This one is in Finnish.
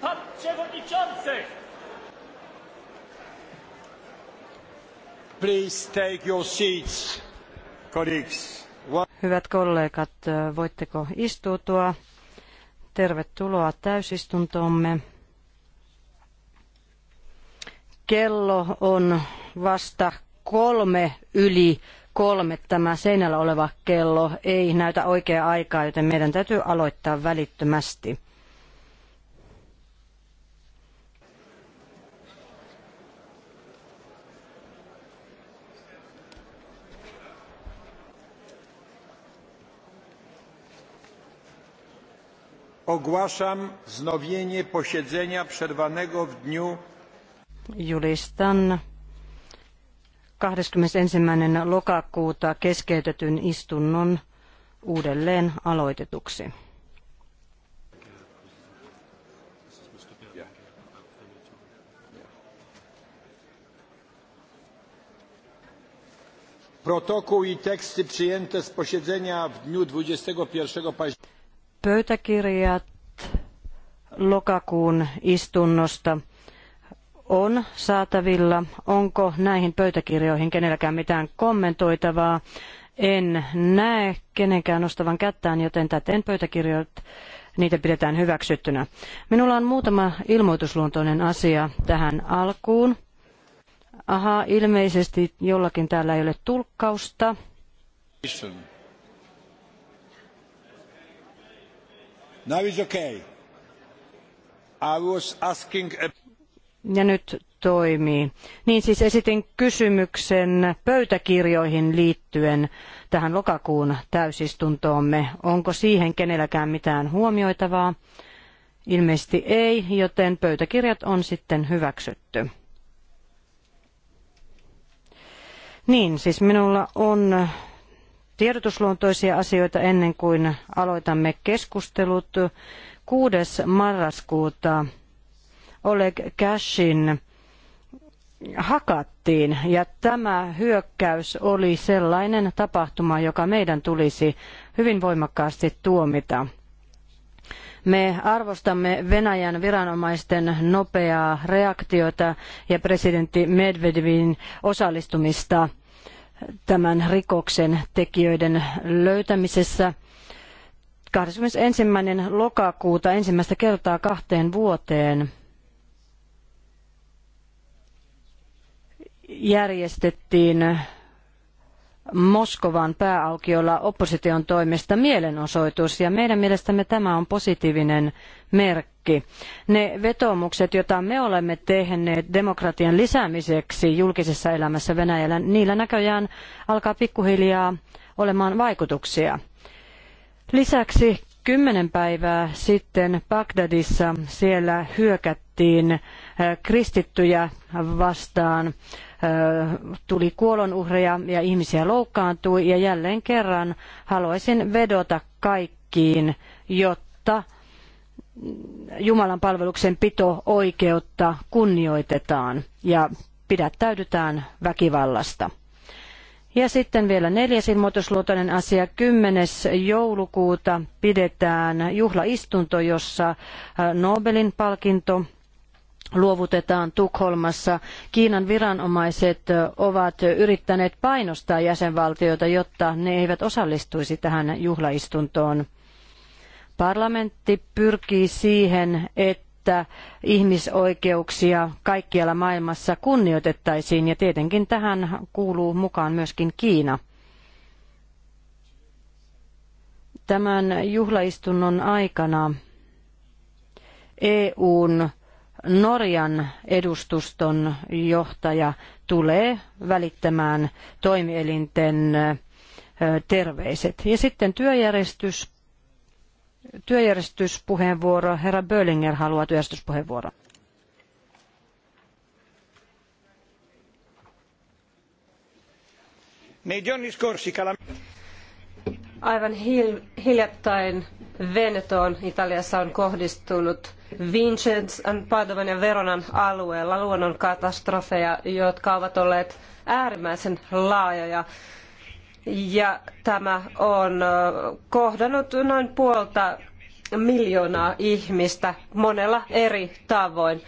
Pan Przewodniczący! Please take your seats, colleagues. Hyvät kollegat, voitteko istuutua? Tervetuloa täysistuntoomme. Kello on vasta kolme yli kolme tämä seinällä oleva kello ei näytä oikeaa aikaa, joten meidän täytyy aloittaa välittömästi. Ogłaszam wznowienie posiedzenia przerwanego w dniu Julistan 21. lokakuuta keskeytetyn istunnon uudelleen aloitetuksi. Protokół i teksty przyjęte z posiedzenia w dniu 21 października Pöytäkirjat lokakuun istunnosta on saatavilla. Onko näihin pöytäkirjoihin kenelläkään mitään kommentoitavaa? En näe kenenkään nostavan kättään, joten täten pöytäkirjoit, niitä pidetään hyväksyttynä. Minulla on muutama ilmoitusluontoinen asia tähän alkuun. Aha, ilmeisesti jollakin täällä ei ole tulkkausta. Ja nyt toimii. Niin siis esitin kysymyksen pöytäkirjoihin liittyen tähän lokakuun täysistuntoomme. Onko siihen kenelläkään mitään huomioitavaa? Ilmeisesti ei, joten pöytäkirjat on sitten hyväksytty. Niin, siis minulla on tiedotusluontoisia asioita ennen kuin aloitamme keskustelut. 6. marraskuuta Oleg Cashin hakattiin ja tämä hyökkäys oli sellainen tapahtuma, joka meidän tulisi hyvin voimakkaasti tuomita. Me arvostamme Venäjän viranomaisten nopeaa reaktiota ja presidentti Medvedevin osallistumista tämän rikoksen tekijöiden löytämisessä. 21. lokakuuta ensimmäistä kertaa kahteen vuoteen järjestettiin Moskovan pääaukiolla opposition toimesta mielenosoitus ja meidän mielestämme tämä on positiivinen merkki kaikki ne vetoomukset, joita me olemme tehneet demokratian lisäämiseksi julkisessa elämässä Venäjällä, niillä näköjään alkaa pikkuhiljaa olemaan vaikutuksia. Lisäksi kymmenen päivää sitten Bagdadissa siellä hyökättiin äh, kristittyjä vastaan. Äh, tuli kuolonuhreja ja ihmisiä loukkaantui ja jälleen kerran haluaisin vedota kaikkiin, jotta Jumalan palveluksen pito-oikeutta kunnioitetaan ja pidättäydytään väkivallasta. Ja sitten vielä neljäs ilmoitusluotoinen asia. 10. joulukuuta pidetään juhlaistunto, jossa äh, Nobelin palkinto luovutetaan Tukholmassa. Kiinan viranomaiset äh, ovat yrittäneet painostaa jäsenvaltioita, jotta ne eivät osallistuisi tähän juhlaistuntoon. Parlamentti pyrkii siihen, että ihmisoikeuksia kaikkialla maailmassa kunnioitettaisiin ja tietenkin tähän kuuluu mukaan myöskin Kiina. Tämän juhlaistunnon aikana EUn Norjan edustuston johtaja tulee välittämään toimielinten terveiset. Ja sitten työjärjestys työjärjestyspuheenvuoro. Herra Böllinger haluaa työjärjestyspuheenvuoron. Aivan hil- hiljattain Venetoon Italiassa on kohdistunut Vincenzan, Padovan ja Veronan alueella luonnonkatastrofeja, jotka ovat olleet äärimmäisen laajoja ja tämä on kohdannut noin puolta miljoonaa ihmistä monella eri tavoin.